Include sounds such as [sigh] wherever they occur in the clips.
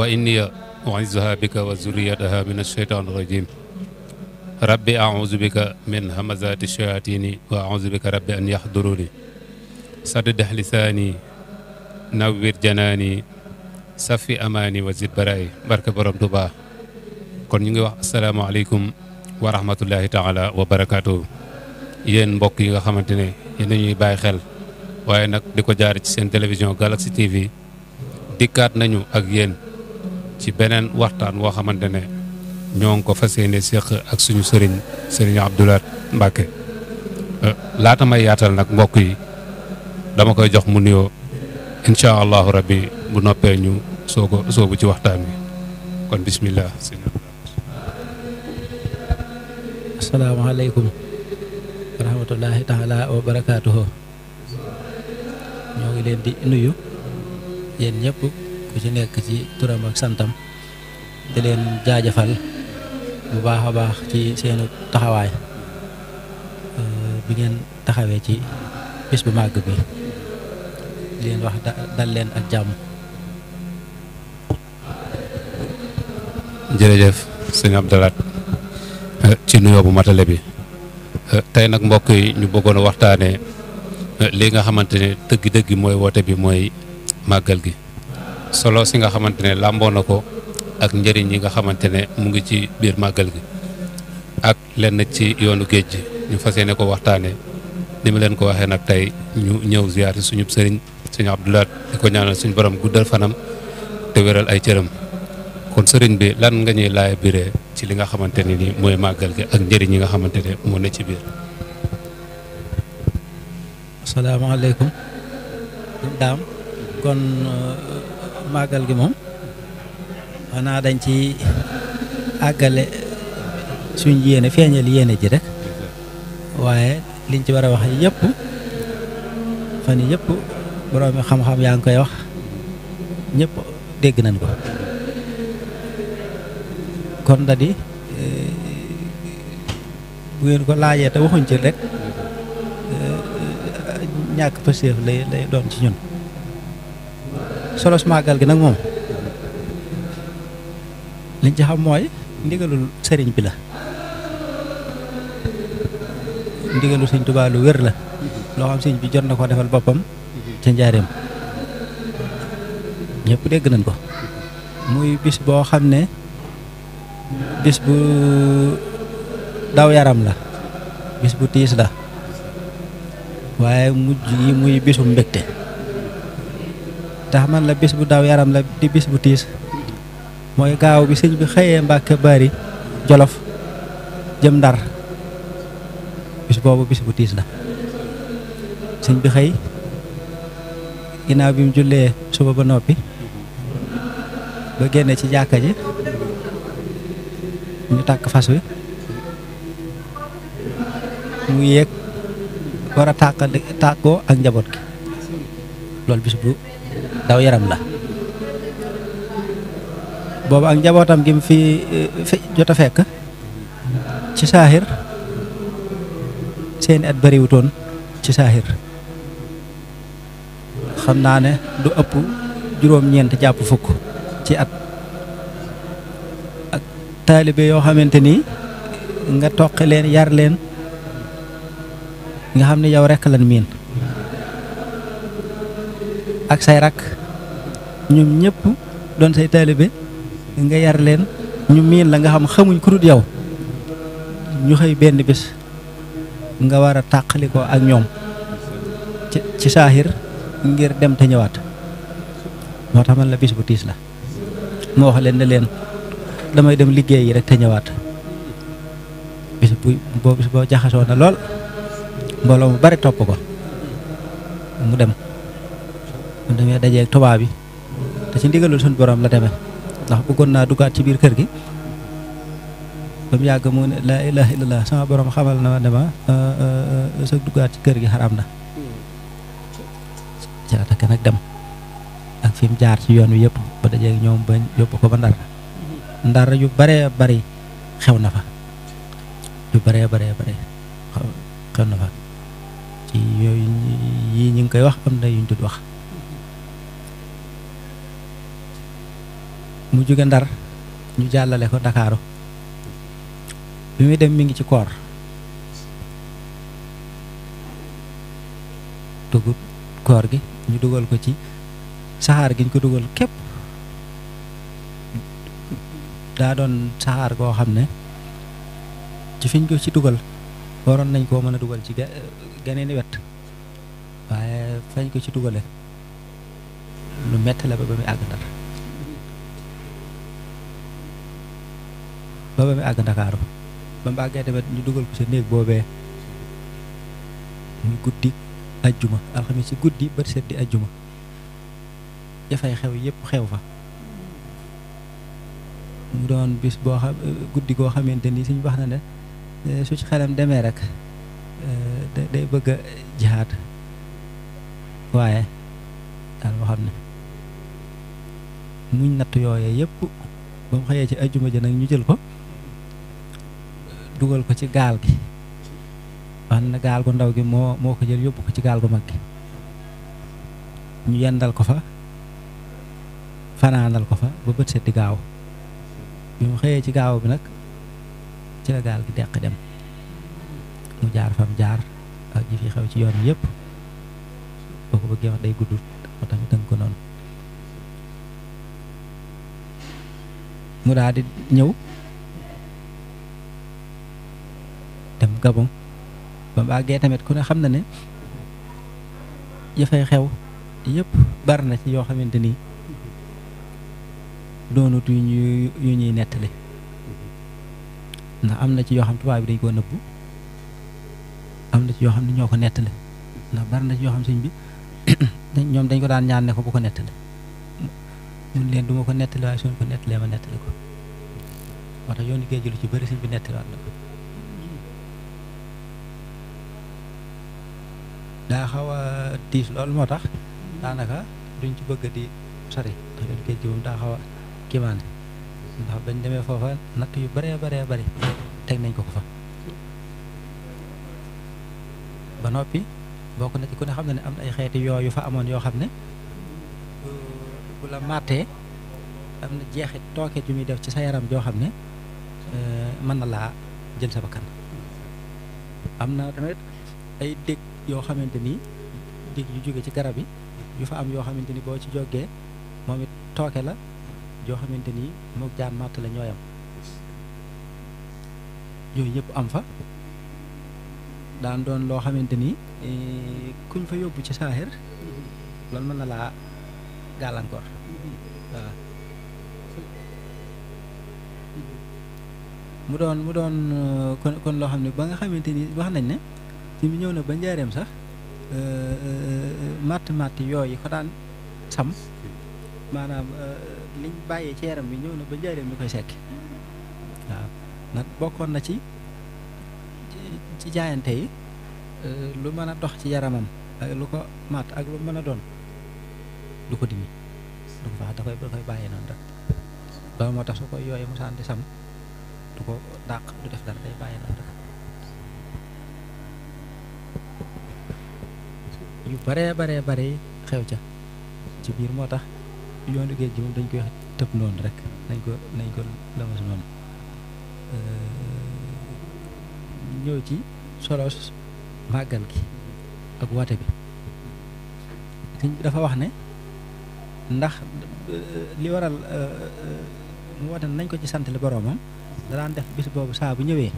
wa inni u'izuha bika wa zurriyataha min ash-shaytan rajim rabbi a'uzu bika min hamazati shayatini wa a'uzu bika rabbi an yahduruni saddih lisaani nawwir janaani safi amaani wa zid baraay barke borom Tuubaa kon ñu ngi wax asalaamaaleykum wa rahmatullahi taala wa barakaatu yéen mbokk yi nga xamante ne yéen ñuy bàyyi xel waaye nag di ko jaar ci seen télévision Galaxy TV dikkaat nañu ak yéen ci beneen waxtaan woo xamante ne ñoo ngi ko fas yéene séq ak suñu sëriñ sëriñ Abdoulaye Mbacke euh, laata may yaatal nag mbokk yi dama koy jox mu niyoo incha allahu rabbi bu noppee ñu soo ko soobu ci waxtaan wi kon bismillah sëñ asalaamaaleykum wa rahmatullahi taala wa barakaatuhu ñoo ngi leen di nuyu yéen ñëpp ku ci nekk ci turam ak santam di leen jaajëfal bu baax a baax ci seenu taxawaay euh, bi ngeen taxawee ci bis bu màgg bi di leen wax dal leen ak jàmm jërëjëf sëñ Abdoulaat euh, ci nuyoo bu matale bi euh, tey nag mbokk yi ñu bëggoon a waxtaanee li nga xamante ne dëgg-dëgg mooy woote bi mooy màggal gi solo si nga xamante ne làmboo na ko ak njëriñ yi nga xamante ne mu ngi ci biir màggal gi ak lenn ci yoonu géej gi ñu fas yéene ko waxtaanee ni ma leen ko waxee nag tey ñu ñëw ziar suñu sëriñ suñu Abdoulaat di ko ñaanal suñu borom guddal fanam te wéral ay cëram kon sëriñ bi lan nga ñuy laaya biree ci li nga xamante ne nii mooy màggal gi ak njëriñ yi nga xamante ne moo ne ci biir. màggal gi moom xanaa dañ ci àggale suñ yéene feeñal yéene ji rek waaye liñ ci war a wax yëpp fan yëpp borom mi xam-xam yaa ngi koy wax ñëpp dégg nañ ko kon da di eh, bu ngeen ko laajee te waxuñ ci rek eh, eh, ñàkk pëseef lay lay doon ci ñun solo su màggal gi nak mom li ci xam mooy ndigalul serigne bi la ndigalul serigne touba lu wér la lo xam serigne bi jot ya, nako defal bopam ci ñepp nañ ko muy bis bo xamne bis bu daw yaram la bis bu tiss la waye mujj yi muy bisum mbekté ndax man la bis bu daw yaram la di bis bu tiis mooy gaaw bi sëñ bi xëyee Mbàkke Bari Jolof jëm Ndar bis boobu bis bu tiis la sëñ bi xëy ginaaw bi mu jullee suba ba noppi ba génne ci jàkka ji ñu tàkk fas wi mu yéeg war a tàq tàkkoo ak njaboot gi loolu bis bu daw yaram la bobu ak njabotam gi fi jot fek eh? ci sahir seen at wuton ci sahir xamna ne du upp juróom ñent japp fuk ci at ak taalibe yo xamanteni nga tok leen yar leen nga xamni yow rek lan min ak say rak ñoom ñëpp doon say bi nga yar leen ñu miin la nga xam xamuñ ku dul yow ñu xëy benn bis nga war a tàqali ko ak ñoom ci ci saaxir ngir dem te ñëwaat moo tax man la bis bu tiis la moo wax leen ne leen damay dem liggéey yi rek te ñëwaat bis bu boo bis boo jaxasoo na lool mbooloo mu bari topp ko mu dem mu demee dajeeg tubaab bi te ci ndigalul suñu borom la demee ndax bëggoon naa duggaat ci biir kër gi ba mu yàgg mu laa ilaha illallah sama boroom xamal na ma ne ma euh, euh, duggaat ci kër gi xaraam na jaataka nag dem ak fim jaar ci yoon wi yëpp ba dajeeg ñoom ba yóbbu ko ba ndar ndar yu baree bari xew na fa yu baree bare xew na fa ci yooyu yii ñu ngi koy wax am na yuñ dul wax mu jóge ndar ñu jàllale ko ndakaaru bi muy dem mi ngi ci koor dugub koor gi ñu dugal ko ci saxaar gi ñu ko dugal képp daadoon saxaar goo xam ne ci fiñ ko ci dugal waroon nañ koo mën a dugal ci geneeni wet waaye fañ ko ci dugale lu metti la ba ba muy àgg ba ba mu àgg ndakaaru ba mu àggee tamit ñu dugal ko sa néeg boobee muy guddi ajjuma alxamis si guddi bët set di ajjuma dafay xew yëpp xew fa mu doon bis boo xam guddi goo xamante ni suñ wax na ne eh, su ci xelam demee rek eh, day bëgg a jihaat waaye daal boo xam ne muñ natt yooye yëpp ba mu xëyee ci ajjuma ja nag ñu jël ko dugal ko ci gaal gi wax gaal gu ndaw gi moo moo ko jël yóbbu ko ci gaal gu mag gi ñu yendal ko fa fanaanal ko fa ba bët set di gaaw bi mu xëyee ci gaaw bi nag ci la gaal gi deq dem mu jaar fam jaar ak ji fi xew ci yoon yépp boo ko bëggee wax day gudd moo tax ñu tënk ko noonu mu daal di ñëw Gabon ba mu àggee tamit ku ne xam na ne yëfay xew yépp bari na ci yoo xamante ni doonut yu ñuy yu ñuy nettali ndax am na ci yoo xam tubaab bi dañ koo nëbbu am na ci yoo xam ne ñoo ko nettali ndax bari na ci yoo xam sëñ bi [coughs] ñoom dañ ko daan ñaan ne ko bu ko nettali mun leen du ma ko nettali waaye suñ ko nettalee ma nettali ko moo tax yoonu géej gi ci bëri sëñ bi nettaliwaat na ko daa xaw a tiis loolu moo tax daanaka duñ ci bëgg di sari ndax yoonu géej gi daa xaw a kiimaane ndax bañ demee foofa natt yu bëree bëree bëri teg nañ ko ko fa ba noppi bokk na ci ku ne xam na ne am na ay xeeti yooyu fa amoon yoo xam ne bu la màttee am na jeexit tooke yu muy def ci sa yaram joo xam ne eh, mën na laa jël sa bakkan am na tamit ay dégg yoo xamante nii dig yu jóge ci garab yi yu fa am yoo xamante ni boo ci jógee moom it tooke la joo xamante ni moog jaan màtt la am yooyu yëpp am fa daan doon loo xamante ni eh, kuñ fa yóbbu ci saaxir loolu mën na laa gàllankoor mu doon mu doon eh, kon kon loo xam ne ba nga xamante ni wax nañ ne si mu ñëw na ba njaareem sax euh, euh, euh, matt matt yooyu ko daan sam maanaam liñ bàyyee ci yaram bi ñëw na ba njaareem ñu koy sekki waaw nag bokkoon na ci ci jaayante yi lu mën a dox ci yaramam ak lu ko matt ak lu mën a doon du ko dimi du ko faa da koy da koy bàyyee noonu rek loolu moo tax su koy yooyu mu sànni sam du ko dàq du def dara day bàyyee noonu rek yu bare bare bare xew ca ci biir moo tax yoonu géej gi moom dañ koy tëb noonu rek nañ ko nañ ko lamas noonu eh, ñëw ci solos màggal gi ak wate bi sëñ dafa wax ne ndax eh, li waral mu eh, wate nañ ko ci boromam da daan def bis boobu saa bu ñëwee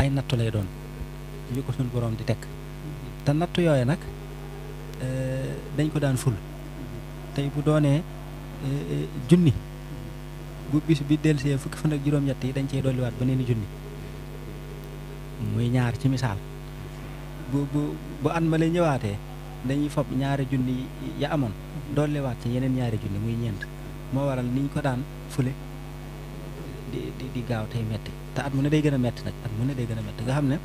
ay nattu lay doon yu ko sun borom di tekk te nattu yooyu nag eh, dañ ko daan ful tey bu doonee eh, eh, junni bu bis bi delsee fukki fan ak juróom-ñett dañ cey dolliwaat beneen junni muy ñaar ci misaal bu ma ñëwaatee dañuy fob ñaari junni ya amoon dolliwaat ci yeneen ñaari junni muy ñeent moo waral niñ ko daan fule di di di gaaw tey metti te at mu ne day gën a metti nag at mu ne day gën a metti nga xam ne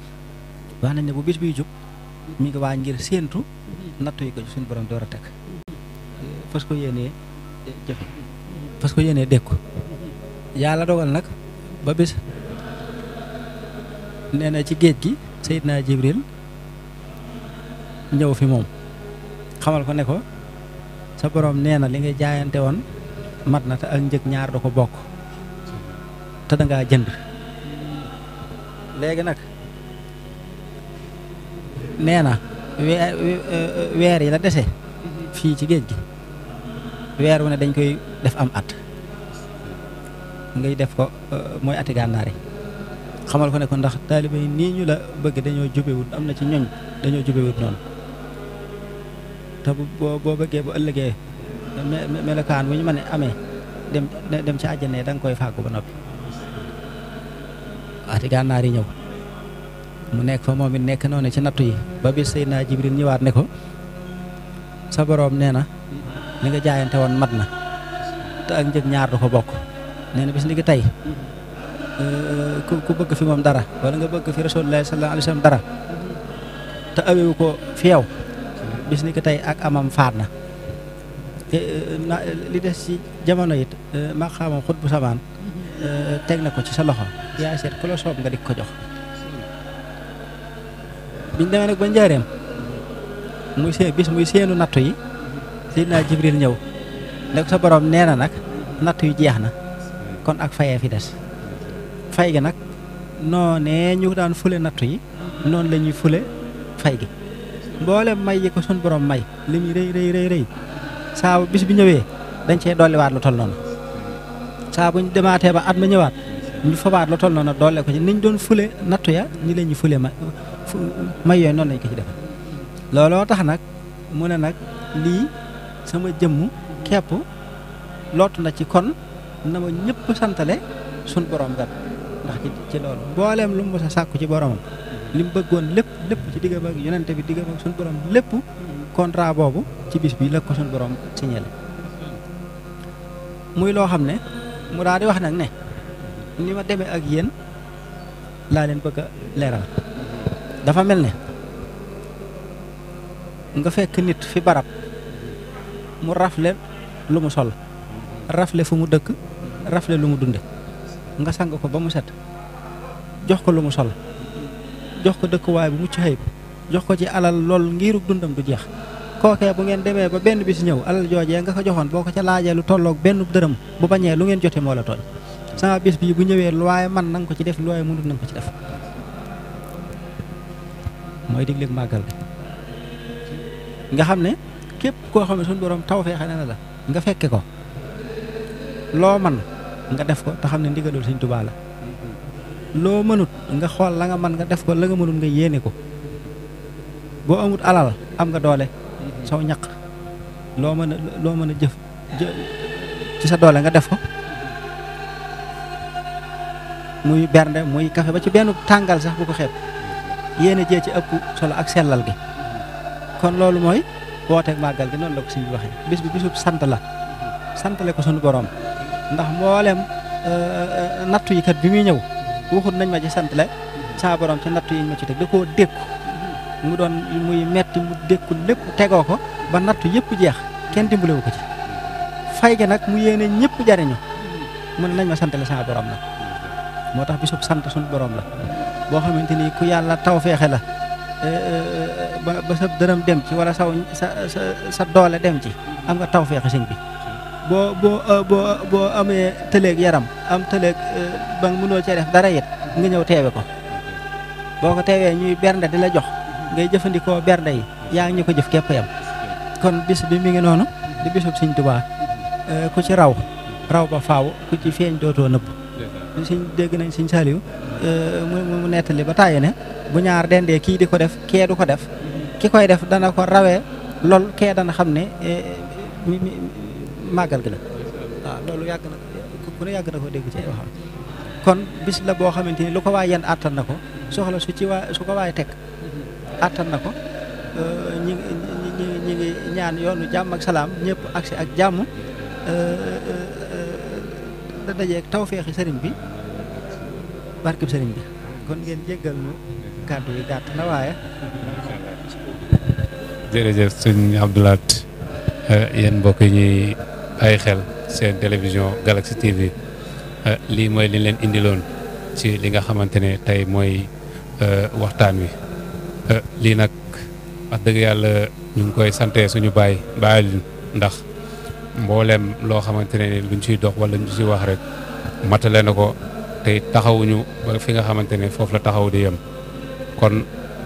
wax nañ ne bu bis biy jub mi ngi waa ngir séentu nattu yi ko suñu borom door a teg fas ko yéenee jëfe fas ko yéenee dékku yàlla dogal nag ba bis nee na ci géej gi naa Jibril ñëw fi moom xamal ko ne ko sa boroom nee na li nga jaayante woon mat na te ak njëg ñaar da ko bokk te da ngaa jënd léegi nag nee na eh, weer yi la dese fii ci géej gi weer wu ne dañ koy def am at ngay def ko eh, mooy ati gànnaar yi xamal ko ne ko ndax taaliba yi nii ñu la bëgg dañoo jubewut am na ci ñoñ dañoo jubewut noonu te boo boo bëggee bu ëllëgee melokaan bu ñu mën a amee dem dem ci àjjana da koy fàggu ba noppi ati gànnaar yi ñëw mu nekk fa moom it nekk noonu ci nattu yi ba biir Seydina Jibril waat ne ko sa boroom nee na li nga jaayante woon mat na te ak njëg ñaar du ko bokk nee na bis ni ki tey eh, ku bëgg fi moom dara wala nga bëgg fi Rasulullah sallallahu alayhi wa sallam dara te awewu ko fi yow bis ni ko tey ak amam faat eh, eh, na li des ci jamono it maqaamam xut bu samaan teg na ko ci sa loxo yaay seet ku la soob nga di ko jox biñ demee nag ba njaareem muy seen bis muy seenu nattu yi Seydina Jibril ñëw ne sa borom nee na nag nattu yi jeex na kon ak fayee fi des fay gi nag noonee ñu daan fule nattu yi noonu la fule fay gi mboolem may yi ko sun borom may li muy rëy rëy rëy rëy saa bis bi ñëwee dañ cee dolliwaat lu toll noonu saa ñu demaatee ba at ma ñëwaat ñu fabaat lu noonu dolle ko ci niñ doon fule nattu ya ni la ñuy fule ma may yooyu noonu lañ ko tax nag mu ne nag lii sama jëmm kepp lootu na ci kon na ma ñëpp santale sun borom gat ndax ci loolu mbooleem lu mu sa sàkku ci boromam li mu bëggoon lépp lépp ci diggam ak yonente bi diggam ak sun borom lépp contrat boobu ci bis bii la ko sun borom signé muy loo xam ne mu daal di wax nag ne ni ma demee ak yéen laa leen bëgg a leeral dafa mel ne nga fekk nit fi barab mu rafle lu mu sol rafle fu mu dëkk rafle lu mu dunde nga sang ko ba mu set jox ko lu mu sol jox ko dëkkuwaay bu mucc xëyib jox ko ci alal lool ngiruk dundam du jeex kookee bu ngeen demee ba benn bis ñëw alal joojee nga ko joxoon boo ko ca laajee lu tolloog benn dërëm bu bañee lu ngeen jote moo la tooñ sama bis bii bu ñëwee lu waaye man nanga ko ci def lu waaye mënut nanga ko ci def mooy digleeg màggal gi nga xam ne képp koo xam ne suñu borom taw feexe na la nga fekke ko loo man nga def ko te xam ne ndigalul Sëñ Tuubaa loo mënut nga xool la nga man nga def ko la nga mënut nga yéene ko boo amut alal am nga doole soo ñaq loo mën a loo mën a jëf ci sa doole nga def ko muy bernde muy kafe ba ci benn tàngal sax bu ko xeeb yéene jee ci ëpp solo ak sellal gi kon loolu mooy wooteeg màggal gi noonu la ko sëñ bi waxee bés bi bisub sant la santale ko sunu borom ndax mboolem euh, euh, nattu yi kat bi muy ñëw waxut nañ ma ci sant la saa ci nattu yi ma ci teg da koo dékku mu doon muy metti mu dékku lépp tegoo ko ba nattu yëpp jeex kenn dimbalewu ko ci fay ga nag mu yéene ñëpp jariñu mun ne nañ ma santale saa borom la moo tax bisub sant sunu borom la boo xamante ni ku yàlla taw feexe la eh, eh, eh, ba ba sa dërëm dem ci wala saw sa sa sa doole dem ci am nga taw feexe sëñ bi boo boo boo boo amee tëleeg yaram am tëleeg ba nga mënoo cee def dara it nga ñëw teewe ko boo ko teewee ñuy bernde di la jox ngay jëfandikoo bernde yi yaa ngi ñu ko jëf képp yam kon bis bi mi ngi noonu di bisub sëñ Tuubaa ku ci raw raw ba faaw ku ci feeñ dootoo nëpp sëñ dégg nañ sëñ Saliou euh, mu nettali ba tàyyi ne bu ñaar dendee kii di ko def kee du ko def ki koy def dana ko rawee lool kee dana xam ne eh, màggal la waaw loolu yàgg na ku ne yàgg na ko dégg ci ay waxam kon bis la boo xamante ni lu ko waay yenn àttan na ko soxla su ci waa su ko waay teg àttan na ko euh, ñi ñi ñi ngi ñaan yoonu jàmm ak salaam ñëpp agsi ak jàmm euh, da dajeeg tawféexi sëriñ bi barkeb sëriñ bi kon ngeen jéggal nu kàddu yi gàtt na waaye. jërëjëf sëñ Abdoulaat eh, yéen mbokk yi ñuy bàyyi xel seen télévision Galaxy TV eh, lii mooy li leen indiloon ci li nga xamante ne tey mooy eh, waxtaan wi lii nag wax dëgg yàlla ñu ngi koy sante suñu baay bàyyil ndax. mbooleem loo xamante ne ni luñ ciy dox wala ñu ciy wax rek matale na ko tey taxawuñu ba fi nga xamante ne foofu la taxaw di yem kon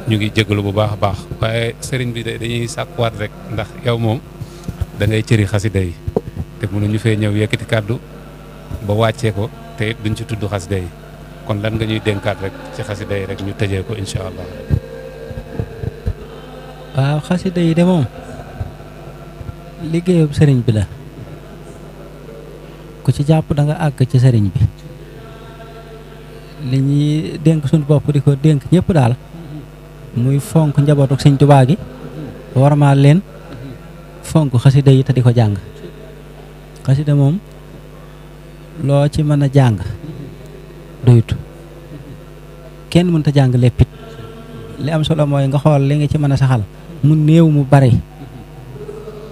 ñu ngi jégalu bu baax a baax waaye sëriñ bi dañuy sàkkuwaat rek ndax yow moom dangay cëri xasida yi te mënuñu fee ñëw yëkkati kàddu ba wàccee ko te it duñ ci tudd xasida yi kon lan nga ñuy dénkaat rek ci xasida yi rek ñu tëjee ko incha allah. xasida yi de moom liggéeyub sëriñ bi la ku ci japp da nga ag ci sëriñ bi li ñuy dénk suñu di ko denk ñepp dal muy fonk njabootu sëñ tuba gi warma len fonk xasida yi tadi ko jang. xasida moom lo ci mën jang Ken doyut kenn ta jang lepit li am solo moy nga xol li nga ci mën saxal mu neew mu bari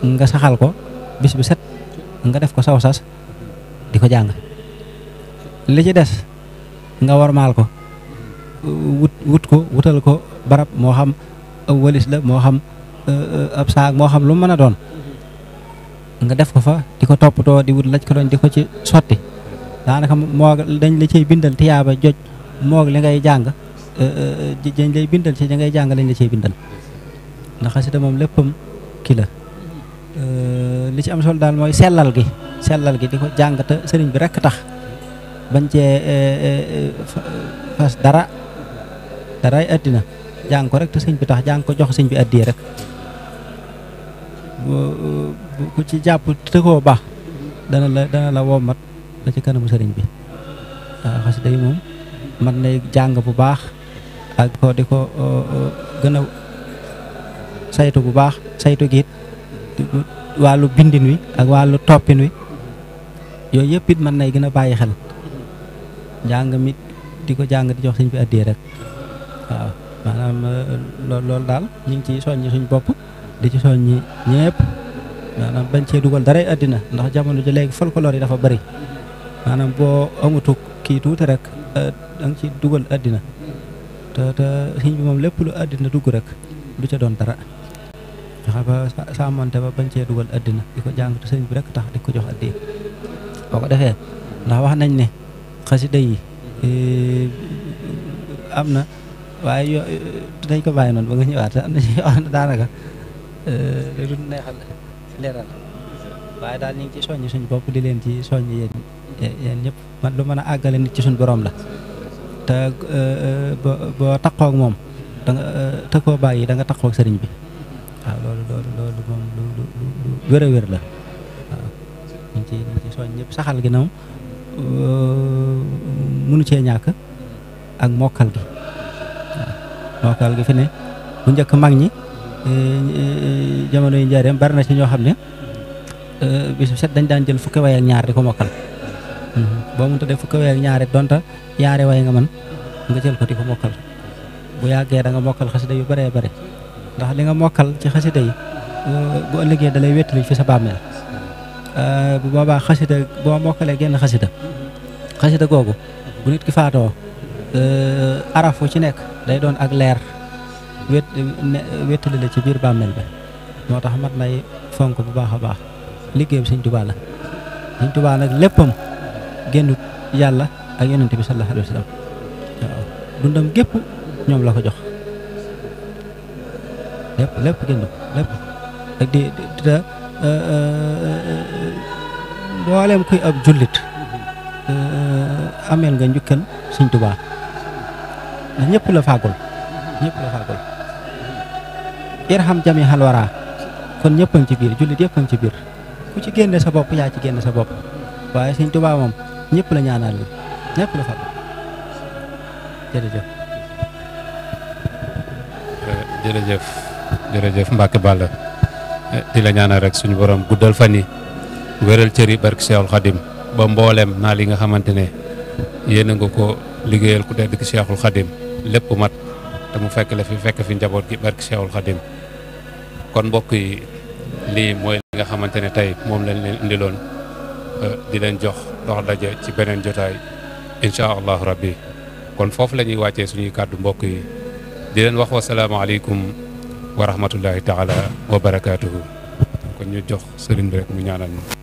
nga saxal ko bis bu set nga def ko saw sas di ko jàng li ci des nga warmaal ko wut wut ko wutal ko barab moo xam walis la moo xam e, e, ab saag moo xam lu mën a doon nga def ko fa di ko toppatoo di wut laj ko doon di ko ci sotti daanaka moo dañ la ciy bindal tiyaaba joj moog li ngay jàng e, dañ lay bindal ci li ngay jàng dañ la ciy bindal ndax xasida moom léppam ki la li eh, ci am sol dal moy selal gi selal gi diko ko serigne bi rek tax ban ci eh, eh, fas dara ay adina jang ko rek to serigne bi tax jang ko jox serigne bi addiye rek ku ci te ko ba dana la dana la wo mat la ci kanam serigne bi waaw xasida yi moom man lay jang bu bax ak ko diko ko saytu bu bax saytu gi wàllu bindin wi ak wàllu toppin wi yooyu yëpp it mën nay gën a bàyyi xel njàng mi di ko jàng di jox sëñ bi addee rek waaw maanaam euh, loolu daal ñu ngi ciy soññi suñ bopp di ci soññi ñëpp maanaam bañ cee dugal daray àddina ndax jamono ji léegi folklore yi dafa bari maanaam boo amutu kii tuuti rek euh, da nga ci dugal àddina te te sëñ bi moom lépp lu àddina dugg rek du ca doon dara fexe ba sàmmonte ba bañ cee dugal addina di ko jàng te sëriñ bi rek tax di ko jox addiya boo ko defee ndax wax nañ ne xasida day e, am na waaye e, dañ ko bàyyi noonu ba nga ñëwaat am na ci yoo xam ne daanaka e, lu neexal leeral waaye daal ñu ci soññ suñ bopp di leen ci soññ yéen yéen ñëpp man lu mën a àggale nit ci suñ boroom la te boo taqoog moom danga nga baay yi da nga taqoog sëriñ bi waaw loolu loolu a wér ci ñu ak mokkal gi waaw gi fi ne bu njëkk mag jamono yu njaareem bari ci ñoo xam bisu set dañ daan jël fukki way ak ñaar di fukki way ak ñaar donta way nga man nga jël ko bu da nga yu bare bare ndax li nga mokal ci xassida yi eh, bu ëllëgé dalay wétt li fi sa euh bu baba xassida bo mokalé genn xassida xassida googu bu nit ki faato euh arafu ci nek day doon ak lèr wét wéttali la ci bir bàmmeel bi moo tax mat nay fonk bu baax a baax liggéeyam sëñ tubaa la sëñ tubaa nak leppam genn yalla ak yenenbi sallallahu alayhi wasallam dundam gep ñom la ko jox lépp lépp gën lépp ak di da mboolem euh, euh, euh, kuy ab jullit ameel nga njukkal Sëñ Tuubaa ndax ñëpp la faagul ñëpp la faagul irham jami xalwara kon ñëpp a ci biir jullit yëpp a ngi ci biir ku ci génne sa bopp yaa ci génne sa bopp waaye Sëñ Tuubaa moom ñëpp la ñaanal li ñëpp la faagul jërëjëf jërëjëf Mbacke Balla eh, di la ñaanal rek suñu borom guddal fani wëral wéral cëri barke cheikhul khadim ba mbollem na li nga xamantene ne nga ko liggéeyal ku dedd ci cheikhul khadim lepp mat ta mu fekk la fi fekk fi njabot gi barke cheikhul khadim kon mbokk yi li moy li nga xamantene tay mom lañ leen indiloon eh, di leen jox dox dajje ci benen jotaay incha rabbi kon fofu lañuy wacce suñu kaddu mbokk yi di leen wax alaykum wa rahmatullahi taala wa barakaatuhu kon ñu jox sëriñ bi rek mu ñaanal ñu